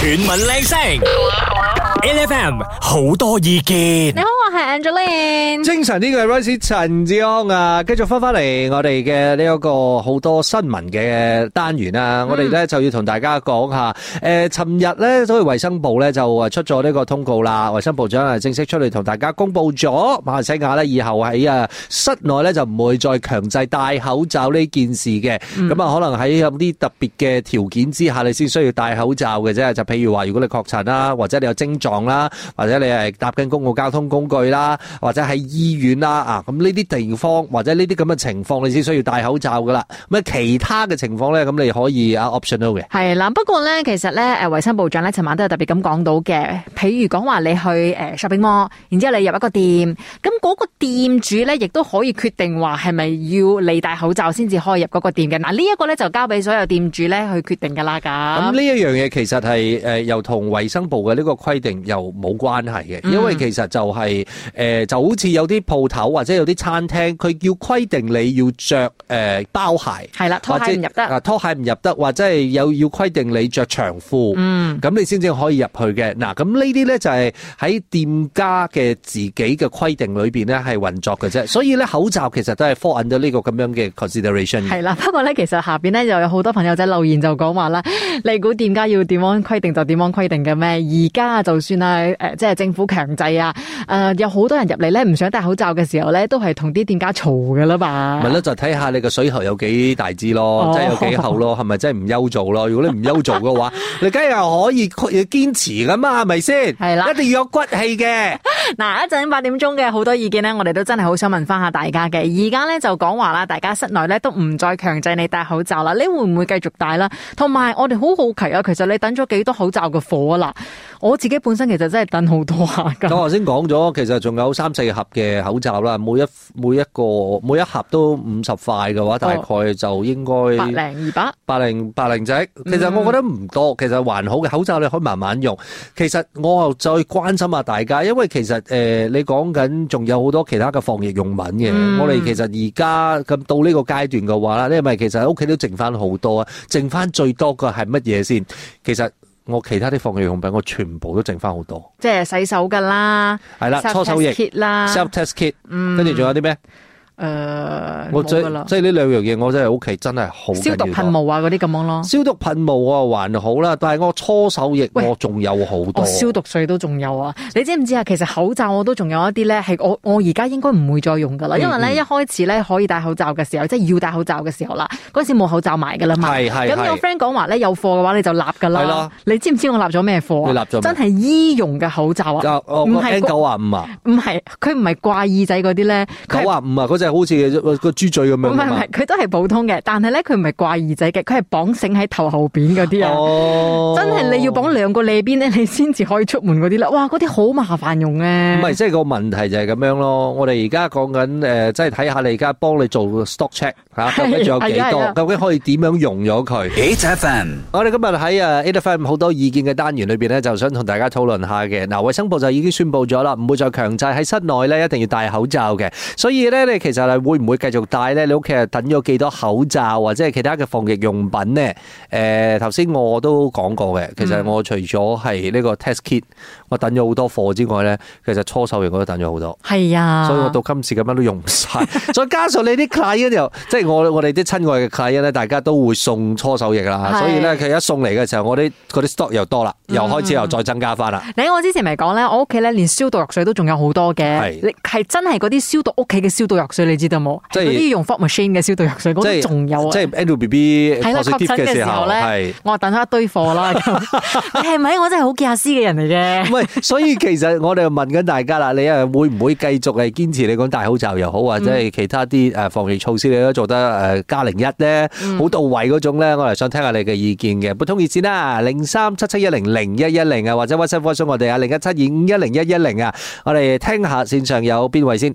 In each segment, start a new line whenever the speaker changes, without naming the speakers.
全民靚聲，L F M 好多意見。你好
啊。係 Angelina，精
神啲嘅，呢個係陳志安啊！繼續翻翻嚟我哋嘅呢一個好多新聞嘅單元啊！我哋咧就要同大家講下，誒，尋日咧都係衛生部咧就出咗呢個通告啦，衛生部長啊正式出嚟同大家公布咗，馬來西亞咧以後喺啊室內咧就唔會再強制戴口罩呢件事嘅，咁啊可能喺有啲特別嘅條件之下，你先需要戴口罩嘅啫，就譬如話如果你確診啦，或者你有症狀啦，或者你係搭緊公共交通工具。去啦、啊啊，或者喺醫院啦啊，咁呢啲地方或者呢啲咁嘅情況，你先需要戴口罩噶啦。咁啊，其他嘅情況咧，咁你可以啊 optional 嘅。
係啦，不過咧，其實咧，誒，衛生部長咧，尋晚都有特別咁講到嘅。譬如講話你去誒 shopping mall，然之後你入一個店，咁嗰個店主咧，亦都可以決定話係咪要你戴口罩先至可以入嗰個店嘅。嗱，呢一個咧就交俾所有店主咧去決定噶啦。咁呢
一樣嘢其實係誒又同衛生部嘅呢個規定又冇關係嘅，因為其實就係、是。誒、呃，就好似有啲鋪頭或者有啲餐廳，佢要規定你要着誒、呃、包鞋，係啦，拖鞋唔入得。拖鞋唔入得，或者係有要規定你着長褲，嗯，咁你先至可以入去嘅。嗱、啊，咁呢啲咧就係、是、喺店家嘅自己嘅規定裏邊咧係運作嘅啫。所以咧，口罩其實都係 fall under 呢個咁樣嘅 consideration。係
啦，不過咧，其實下邊咧又有好多朋友仔留言就講話啦，你估店家要點樣規定就點樣規定嘅咩？而家就算係，誒、呃，即係政府強制啊，誒、呃。有好多人入嚟咧，唔想戴口罩嘅時候咧，都係同啲店家嘈㗎啦吧。咪咯，
就睇下你個水喉有幾大支咯，即、oh. 係有幾厚咯，係咪真係唔憂做咯？ 如果你唔憂做嘅話，你梗係可以堅持噶嘛，係咪先？係啦，一定要有骨氣嘅。
嗱，一陣八點鐘嘅好多意見呢，我哋都真係好想問翻下大家嘅。而家呢，就講話啦，大家室內咧都唔再強制你戴口罩啦，你會唔會繼續戴啦？同埋我哋好好奇啊，其實你等咗幾多口罩嘅貨啦？我自己本身其實真係等好多下噶。 我頭
先講咗，其實仲有三四盒嘅口罩啦。每一每一個每一盒都五十塊嘅話，大概就應該百零、哦、二百、零百零仔，其實我覺得唔多、嗯，其實還好嘅口罩你可以慢慢用。其實我又再關心下大家，因為其實誒、呃、你講緊仲有好多其他嘅防疫用品嘅、嗯。我哋其實而家咁到呢個階段嘅話啦，你係咪其實屋企都剩翻好多啊，剩翻最多嘅係乜嘢先？其實。我其他啲防疫用品，我全部都剩翻好多，
即係洗手噶啦，
係啦，搓手液啦，self test kit，跟住仲有啲咩？誒、呃，我即係即係呢兩樣嘢，我真係屋企真係好消毒噴
霧啊，嗰啲咁樣咯。
消毒噴霧啊，還好啦，但係我搓手液我還，我仲有好多。消毒水都仲有啊，你知唔知啊？其實口罩
我都仲有一啲咧，係我我而家應該唔會再用噶啦，因為咧一開始咧可以戴口罩嘅時候，即、就、係、是、要戴口罩嘅時候啦，嗰陣時冇口罩賣噶啦嘛。係係。咁我 friend 講話咧有貨嘅話你就立噶啦。你知唔知我立咗咩貨真係醫用嘅口罩、哦那個、啊！唔係 N 九啊五啊，唔係佢唔係掛耳仔嗰啲咧，九啊
五啊好似個豬嘴咁樣，唔係唔係，佢
都係普通嘅，但係咧佢唔係掛耳仔嘅，佢係綁繩喺頭後
邊嗰啲啊，oh, 真係你要
綁兩個裏邊咧，你先至可以出門嗰啲啦。哇，嗰啲好麻煩用啊！唔
係，即係個問題就係咁樣咯。我哋而家講緊誒，即係睇下你而家幫你做個 stock check 吓、啊，究竟仲有幾多？究竟可以點樣用咗佢 AIFM 我哋今日喺誒 AIFM 好多意見嘅單元裏邊呢，就想同大家討論下嘅。嗱、呃，衛生部就已經宣布咗啦，唔會再強制喺室內咧一定要戴口罩嘅，所以咧你其實。但係會唔會繼續戴咧？你屋企係等咗幾多口罩或者係其他嘅防疫用品咧？誒、呃，頭先我都講過嘅，其實我除咗係呢個 test kit，我等咗好多貨之外咧，其實搓手液我都等咗好多。係啊，所以我到今時咁樣都用唔晒。 再加上你啲 client 又， 即係我我哋啲親愛嘅 client 大家都會送搓手液啦。所以咧，佢一送嚟嘅時候，我啲嗰啲 stock 又多啦，又開始又再增加翻啦、嗯。
你我之前咪講咧，我屋企咧連消毒藥水都仲有好多嘅，係真係嗰啲消毒屋企嘅消毒藥水。你知道冇？嗰啲用福 machine 嘅消毒
藥水，嗰種仲有啊！即係 end 到 B B，喺度吸親嘅時候咧，
我等咗一堆貨啦。你係咪？我真係好傑克斯嘅人嚟啫。
唔係，所以其實我哋問緊大家啦，你啊會唔會繼續係堅持你講戴口罩又好，或者係其他啲誒防疫措施，你都做得誒加零一咧，好到位嗰種咧？我嚟想聽下你嘅意見嘅。撥通熱線啦，零三七七一零零一一零啊，或者 WhatsApp 翻中我哋啊，零一七二五一零一一零啊，我哋聽下線上有邊位先。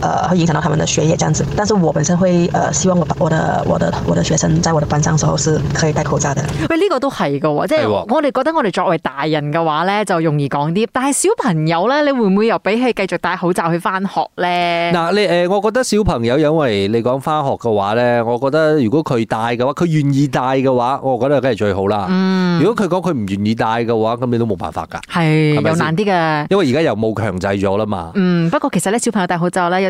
誒、呃，會影響到他們的學業這樣子，但是我本身會誒、
呃，希望我我的我的我的，我的學生在我的班上時候是可以戴口罩的。
喂、哎，呢、這個都係噶即係我哋覺得我哋作為大人嘅話咧，就容易講啲，但係小朋友咧，你會唔會又俾佢繼續戴口罩去翻學咧？嗱、呃，你誒、
呃，我覺得小朋友因為你講翻學嘅話咧，我覺得如果佢戴嘅話，佢願意戴嘅話，我覺得梗係最好啦。嗯，如果佢講佢唔願意戴嘅話，咁你都冇辦法噶。係，有難啲嘅。因為而家又冇強制咗啦嘛。
嗯，不過其實咧，小朋友戴口罩咧。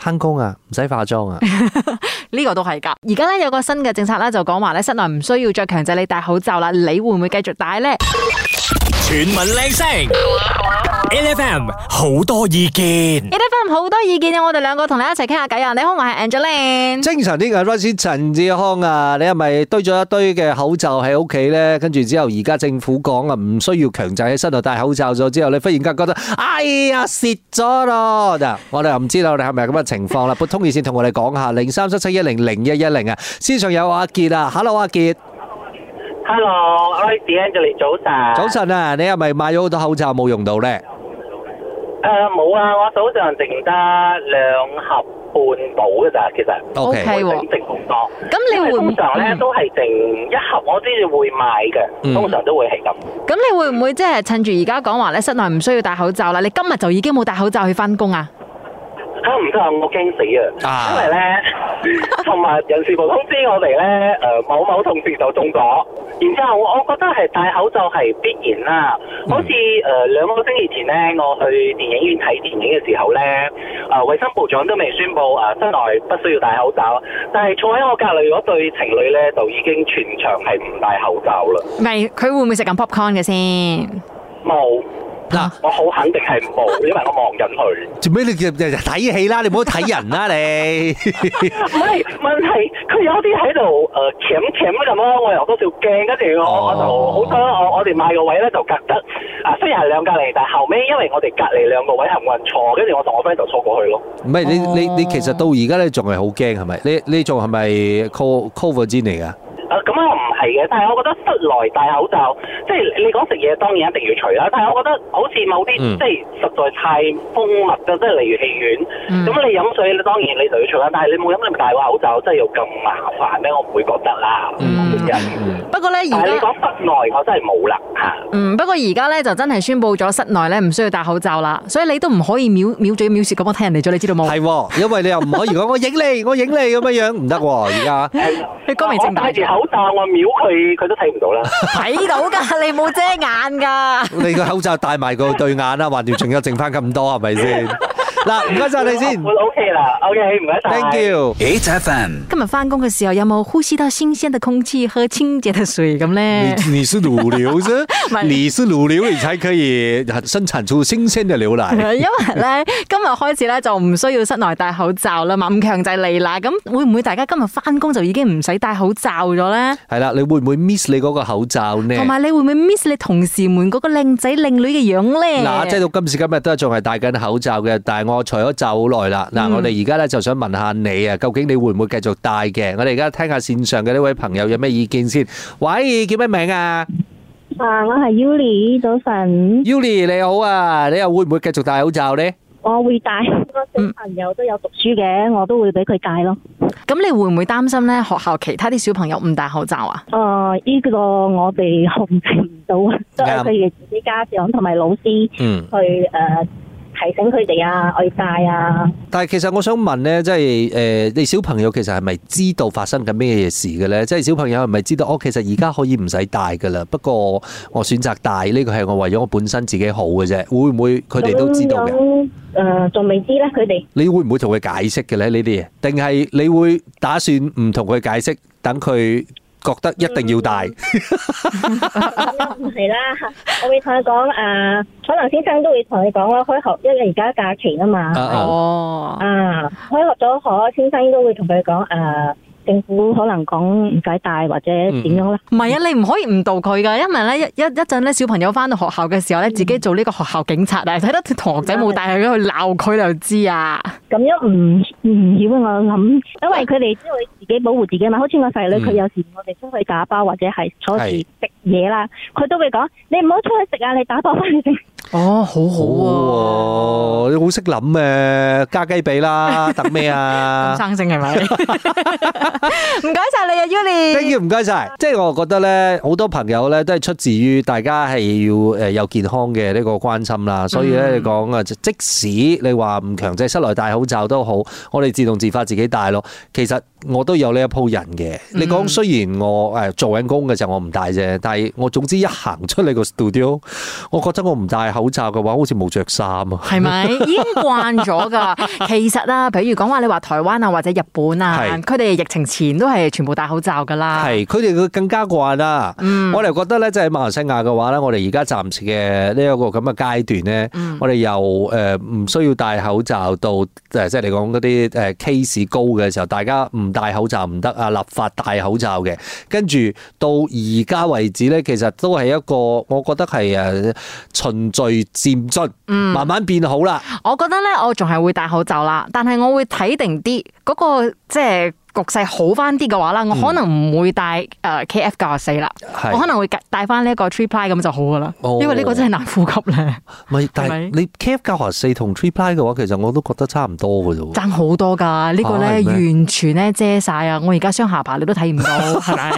慳工啊，唔使化妝啊 ，
呢個都係噶。而家咧有個新嘅政策咧，就講話咧室內唔需要再強制你戴口罩啦。你會唔會繼續戴呢？
全民靚聲，FM 好多意見，FM
好多意見啊！我哋兩個同你一齊傾下偈啊！你好，我係 Angeline。經常聽阿 Russie、陳志康啊，你係咪堆咗一堆嘅口罩喺屋企咧？跟住之後，而家政府講啊，唔需要強制喺身度戴口罩咗。之後你忽然間覺得，哎呀，蝕咗咯！嗱，我哋又唔知道你係咪咁嘅情況啦。撥通熱線同我哋講下，零三七七一零零一一零啊。線上有阿傑啊，Hello，阿傑。
hello，Ivan 就嚟早晨。
早晨啊，你係咪買咗好多口罩冇用到咧？誒、
呃，冇啊，我早上只剩得兩盒半補嘅咋，其實 O K 喎，唔、okay. 會剩好多。因為通常咧都係定一盒，我先至會買嘅，通常都會係
咁。咁、嗯、你會唔會即係趁住而家講話咧，室內唔需要戴口罩啦？你今日就已經冇戴口罩去返工啊？
吓唔錯，我驚死啊！因為咧，同 埋人事部通知我哋咧，誒、呃，某某同事就中咗。然之後我我覺得係戴口罩係必然啦、啊。好似誒兩個星期前咧，我去電影院睇電影嘅時候咧，誒、呃、衛生部長都未宣布啊室、呃、內不需要戴口罩，但係坐喺我隔籬嗰對情侶咧就已經全場係唔戴口罩啦。
咪佢會唔會食緊 popcorn 嘅先？
冇。嗱，我好肯
定係冇，因為我望緊佢。做咩你日日睇戲啦，你唔好睇人啦你。唔係，問
題佢有啲喺度誒鉗鉗咁咯，我又多少驚，跟住我我就好多我我哋買個位咧就隔得，啊雖然係兩隔離，但後尾因為我哋隔籬兩個位係冇人坐，跟住我同我 friend 就坐過去
咯。唔係你你你其實到而家咧仲係好驚係咪？你你仲係咪 co cover 緊嚟噶？
啊，咁我唔係嘅，但係我覺得室內戴口罩，即係你講食嘢當然一定要除啦。但係我覺得好似某啲即係實在太封密嘅，即係例如戲院咁，你飲水你當然你就要除啦。但係你冇飲你唔戴個口罩，真係要咁麻煩咩？我唔會覺得啦。不過咧，而家講室內我真係冇啦嚇。
嗯，不過而家咧就真係宣布咗室內咧唔需要戴口罩啦，所以你都唔可以藐藐嘴藐舌咁樣睇人
哋咗，你知道冇？係喎，因為你又唔可以講我影你，我影你咁樣樣唔得喎。而家你光明正大住口。
口罩我秒佢，佢都睇唔到啦。睇到噶，你冇遮眼噶。 你
個口罩戴埋個對眼啦，橫掂仲有剩翻咁多，係咪先？
嗱，唔該晒你先，
我 O K 啦，O K 唔該晒，Thank you。幾仔份？
今日翻工嘅時候有冇呼吸到新鮮嘅空氣和清潔嘅水咁咧？你你
是乳牛啫，唔係，你是乳牛，你才可以生產出新鮮嘅牛奶。
因為咧，今日開始咧就唔需要室內戴口罩啦嘛，唔強制你啦。咁會唔會大家今日翻工就已經唔使戴口罩咗咧？
係啦，你會唔會 miss 你嗰個口罩咧？同埋
你會唔會 miss 你同事們嗰個靚仔靚女嘅樣咧？嗱，即係到
今時今日都係仲係戴緊口罩嘅，但係我。我除咗就好耐啦，嗱，我哋而家咧就想問下你啊，究竟你會唔會繼續戴嘅？我哋而家聽下線上嘅呢位朋友有咩意見先？喂，叫咩名啊？啊，我係 Yuli，早晨。Yuli 你好啊，你又會唔會繼續戴口罩呢？我會戴，小
朋友都有讀書嘅，我都會俾佢戴咯。咁你會唔會擔心呢？學校其他啲小朋友唔戴口罩啊？
誒，呢個我哋控制唔到，都係佢哋啲家長同埋老師去誒。提醒佢哋啊，我要
戴啊！但係其實我想問咧，即係誒，你小朋友其實係咪知道發生緊咩嘢事嘅咧？即係小朋友係咪知道我，哦，其實而家可以唔使帶噶啦？不過我選擇帶呢個係我為咗我本身自己好嘅啫。會唔會佢哋都知道
嘅？誒，仲未，呃，知咧，
佢哋。你會唔會同佢解釋嘅咧？呢啲嘢，定係你會打算唔同佢解釋，等佢？覺得一定要帶，
嗯，唔 係，嗯、啦，我會同佢講誒，可能先生都會同佢講咯。開學因為而家假期啊嘛，uh, oh. 啊，開學咗，可能先生應該會同佢講誒，政府可能講
唔使帶或者點樣啦、嗯。唔係啊，你唔可以誤導佢噶，因為咧一一一陣咧，小朋友翻到學校嘅時候咧、嗯，自己做呢個學校警察，但係，睇得同學仔冇帶佢去鬧佢就知啊。
咁樣唔唔少啊！我諗，因為佢哋都會自己保護自己嘛，好似我細女，佢有時我哋出去打包或者係坐住食嘢啦，佢都會講：你唔好出去食啊，你打包翻去
食。哦，好好喎，你好識諗啊！加雞髀啦，等咩啊？生性係咪？
唔該晒你啊
，Yuli。唔該晒。即係我覺得咧，好多朋友咧都係出自於大家係要誒有健康嘅呢個關心啦。所以咧你講啊，即使你話唔強制室內戴口罩都好，我哋自動自發自己戴咯。其實我都有呢一鋪人嘅。你講雖然我、嗯、做緊工嘅時候我唔戴啫，但係我總之一行出嚟個 studio，我覺得我唔戴口罩嘅話，好似冇着衫啊。係咪已
經慣咗㗎？ 其實啊，譬如講話你話台灣啊，或者日本啊，佢哋
疫情前都係全部戴口罩㗎啦。係，佢哋更加慣啦、嗯。我哋覺得咧，就係馬來西亞嘅話咧，我哋而家暫時嘅呢一個咁嘅階段咧，我哋又誒唔需要戴口罩到。誒，即係嚟講嗰啲誒 case 高嘅時候，大家唔戴口罩唔得啊！立法戴口罩嘅，跟住到而家為止呢，其實都係一個，我覺得係誒循序漸進，嗯，慢慢變好啦。我覺得呢，我仲係會戴口
罩啦，但係我會睇定啲。嗰、那個即係局勢好翻啲嘅話啦，我可能唔會戴誒 KF 九十四啦，嗯、我可能會戴戴翻呢一個 3ply 咁就好噶啦，
因為呢個真
係難呼吸咧。
唔係，但係你 KF 九十四同 3ply 嘅話，其實我都覺得差唔多嘅啫。
爭好多㗎，呢、這個咧完全咧遮晒啊！我而家雙下巴你都睇唔
到係咪？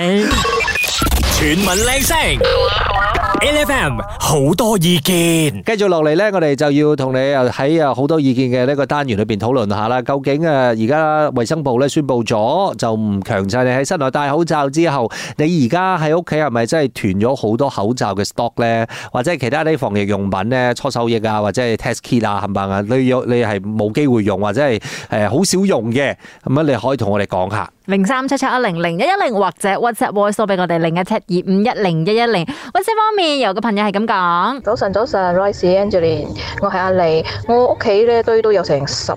全民靚聲。L.F.M. 好多意見，繼續落嚟呢，我哋就要同你啊喺啊好多意見嘅呢個單元裏邊討論下啦。究竟而家衛生部咧宣佈咗就唔強制你喺室內戴口罩之後，你而家喺屋企係咪真係囤咗好多口罩嘅 stock 呢？或者其他啲防疫用品呢？搓手液啊，或者係 test kit 啊，係咪啊？你有你係冇機會用或者係誒好少用嘅咁，你可以同我哋講下。
零三七七一零零一一零，或者 WhatsApp Voice 收俾我哋零一七二五一零一一零。WhatsApp 方面有個朋友係咁講：早晨早晨，Rice Angelin 我係阿黎，我屋企咧堆都有成十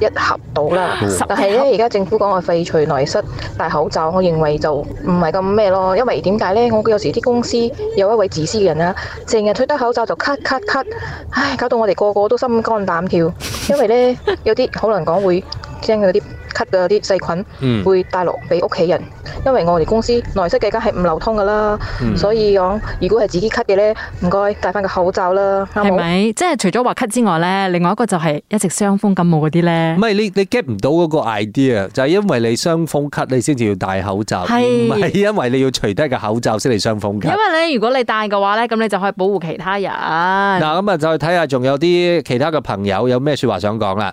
一盒到啦， 但係咧而家政府講我廢除內室，戴口罩，我認為就唔係咁咩咯，因為點解咧？我有時啲公司有一位自私嘅人啦，成日脫低口罩就咳咳咳，唉，搞到我哋個個都心肝膽跳，因為咧有啲好難講會。將嗰啲咳嘅啲細菌會帶落俾屋企人，因為我哋公司內室嘅梗係唔流通噶啦、嗯，所以講如果係自己咳嘅咧，唔該戴翻個口罩啦，係咪？即係除咗話咳之外咧，另外一個就係一直傷風感冒嗰啲咧。
唔係你你 get 唔到嗰個 idea，就係因為你傷風咳，你先至要戴口罩，唔係因為你要除低個口罩先嚟傷風咳。因
為咧，如果你戴嘅話咧，咁你就可以保護其他人。嗱，
咁啊，再睇下仲有啲其他嘅朋友有咩說話想講啦。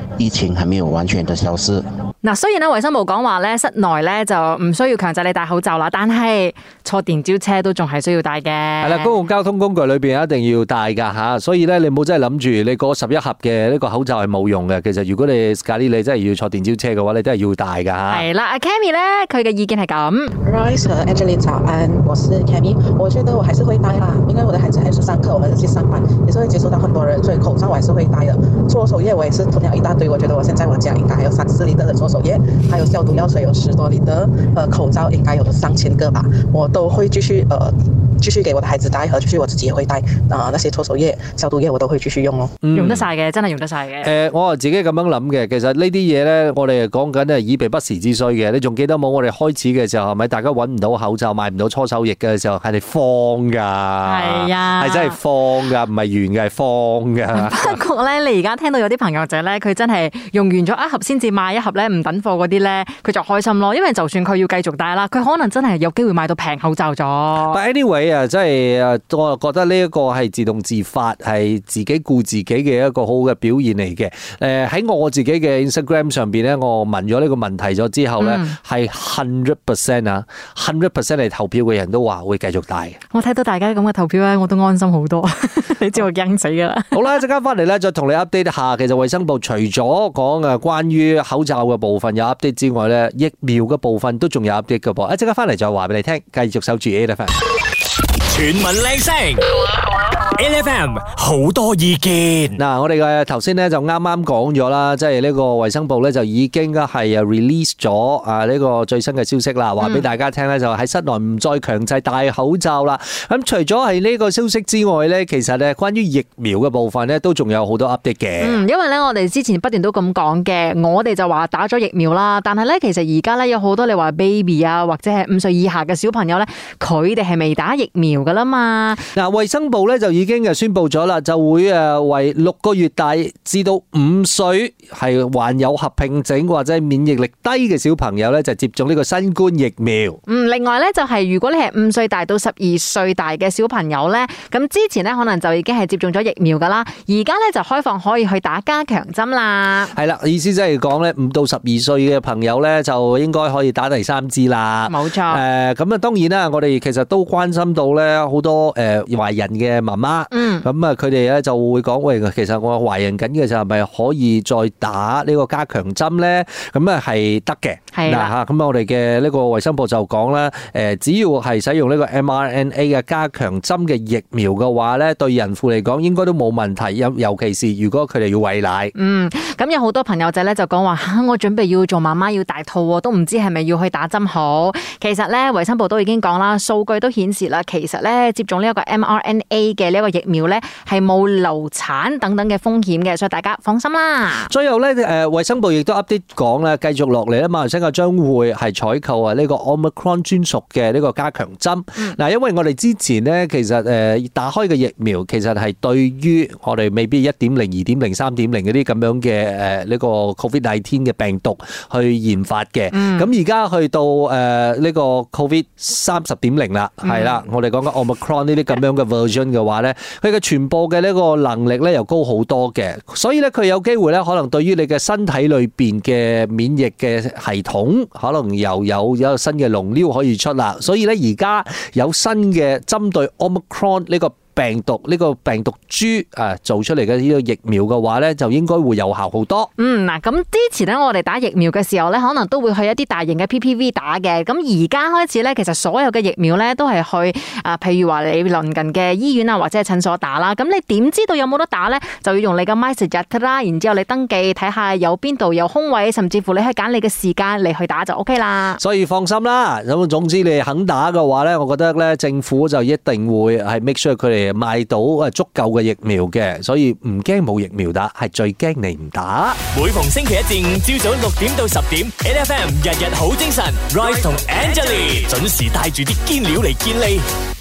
疫情還沒有完全的消失。
嗱，雖然呢衛生部講話咧室內咧就唔需要強制你戴口罩啦，但係坐電召車都仲係需要戴嘅。係啦，公
共交通工具裏邊一定要戴噶吓，所以咧你冇真係諗住你嗰十一盒嘅呢個口罩係冇用嘅。其實如果你隔離你真係要坐電召車嘅話，你真係要戴噶吓。係
啦，阿 Cammy 咧佢嘅意見係咁。Rice 和 Angel 早安，我是 Cammy 我覺得我還是會戴啦，因為我的孩子還是上課，我還是去上班，也是會接觸到很多人，所以口罩我還是會戴嘅。搓手液我也是囤了一大堆。我覺得我現在我家應該還有三四厘的搓手液，還有消毒藥水有十多厘的，呃、口罩應該有三千個吧。我都會繼續，呃，繼續給我哋孩子帶，或者我自己也會帶，啊、呃，那些搓手液、消毒液我都會繼續用哦，嗯、用得晒嘅，真係用得晒
嘅。誒、呃，我啊自己咁樣諗嘅，其實這些東西呢啲嘢咧，我哋係講緊咧，以備不時之需嘅。你仲記得冇？我哋開始嘅時候係咪？是不是大家搵唔到口罩，買唔到搓手液嘅時候，係你慌噶。係啊，係真係慌噶，唔係亂嘅，係慌噶。不
過咧， 你而家聽到有啲朋友仔咧，佢真。係用完咗一盒先至買一盒咧，唔等貨嗰啲咧，佢就開心咯。因為就算佢要繼續戴啦，佢可能真係有機會買到平口罩咗。But
anyway 啊，真係我啊覺得呢一個係自動自發，係自己顧自己嘅一個好嘅表現嚟嘅。誒喺我自己嘅 Instagram 上邊咧，我問咗呢個問題咗之後咧，係 hundred percent 啊，hundred percent 嚟投票嘅人都話會繼續戴。
我睇到大家咁嘅投票咧，我都安心好多。 你知我驚死
噶啦。 好啦，一陣間翻嚟咧，再同你 update 下。其實衛生部除咗所講嘅關於口罩嘅部分有 update 之外咧，疫苗嘅部分都仲有 update 㗎噃。啊，即刻翻嚟就話俾你聽，繼續守住 A 啦，friend。
全民靚聲。
L.F.M. 好多意見嗱，我哋嘅頭先咧就啱啱講咗啦，即係呢個衞生部咧就已經係 release 咗啊呢個最新嘅消息啦，話俾大家聽咧就喺室內唔再強制戴口罩啦。咁除咗係呢個消息之外咧，其實咧關於疫苗嘅部分咧都仲有好多 update 嘅。嗯，
因為咧我哋之前不斷都咁講嘅，我哋就話打咗疫苗啦，但係咧其實而家咧有好多你話 baby 啊或者係五歲以下嘅小朋友咧，佢哋係未打疫苗噶啦嘛。
嗱，衞生部咧就已經已經又宣布咗啦，就會誒為六個月大至到五歲係患有合併症或者係免疫力低嘅小朋友咧，就接種呢個新冠疫苗。
嗯，另外咧就係如果你係五歲大到十二歲大嘅小朋友咧，咁之前咧可能就已經係接種咗疫苗噶啦，而家咧就開放可以去打加強針啦。
係啦，意思即係講咧，五到十二歲嘅朋友咧就應該可以打第三支啦。冇錯。誒，咁啊，當然啦，我哋其實都關心到咧好多誒懷孕嘅媽媽。嗯，咁啊，佢哋咧就會講，喂，其實我懷孕緊嘅時候，係咪可以再打呢個加強針咧？咁啊，係得嘅。係嗱嚇，咁我哋嘅呢個衞生部就講啦，誒，只要係使用呢個 mRNA 嘅加強針嘅疫苗嘅話咧，對孕婦嚟講應該都冇問題，尤尤其是如果佢哋要餵奶。嗯，
咁有好多朋友仔咧就講話嚇，我準備要做媽媽要大肚喎，都唔知係咪要去打針好？其實咧，衞生部都已經講啦，數據都顯示啦，其實咧接種呢一個 mRNA 嘅呢一個。疫苗咧係冇流產等等嘅風險嘅，所以大家放心啦。
最後咧，誒，衞生部亦都啱啲講咧，繼續落嚟咧，馬來西亞將會係採購啊呢個 Omicron 專屬嘅呢個加強針。嗱，因為我哋之前咧，其實誒打開嘅疫苗其實係對於我哋未必一點零、二點零、三點零嗰啲咁樣嘅誒呢個 COVID 19嘅病毒去研發嘅。咁而家去到誒呢個 COVID 三十點零啦，係啦，我哋講緊 Omicron 呢啲咁樣嘅 version 嘅話咧，佢嘅傳播嘅呢個能力咧又高好多嘅，所以咧佢有機會咧可能對於你嘅身體裏邊嘅免疫嘅系統，可能又有有新嘅龍溜可以出啦。所以咧而家有新嘅針對 Omicron 呢個。病毒呢個病毒株做出嚟嘅呢個疫苗嘅話呢，就應該會有效好多。
嗯，嗱，咁之前我哋打疫苗嘅時候呢，可能都會去一啲大型嘅 PPV 打嘅。咁而家開始呢，其實所有嘅疫苗呢，都係去譬如話你鄰近嘅醫院啊，或者係診所打啦。咁你點知道有冇得打呢？就要用你嘅 MySIR 啦，然之後你登記，睇下有邊度有空位，甚至乎你去揀你嘅時間嚟去打就 OK 啦。
所以放心啦，咁總之你肯打嘅話呢，我覺得政府就一定會係 make sure 佢哋賣到足夠嘅疫苗嘅，所以唔驚冇疫苗打，係最驚你唔打。
每逢星期一至五，朝早六點到十點，NFM 日日好精神，Rise 同 Angelina 準時帶住啲堅料嚟健利。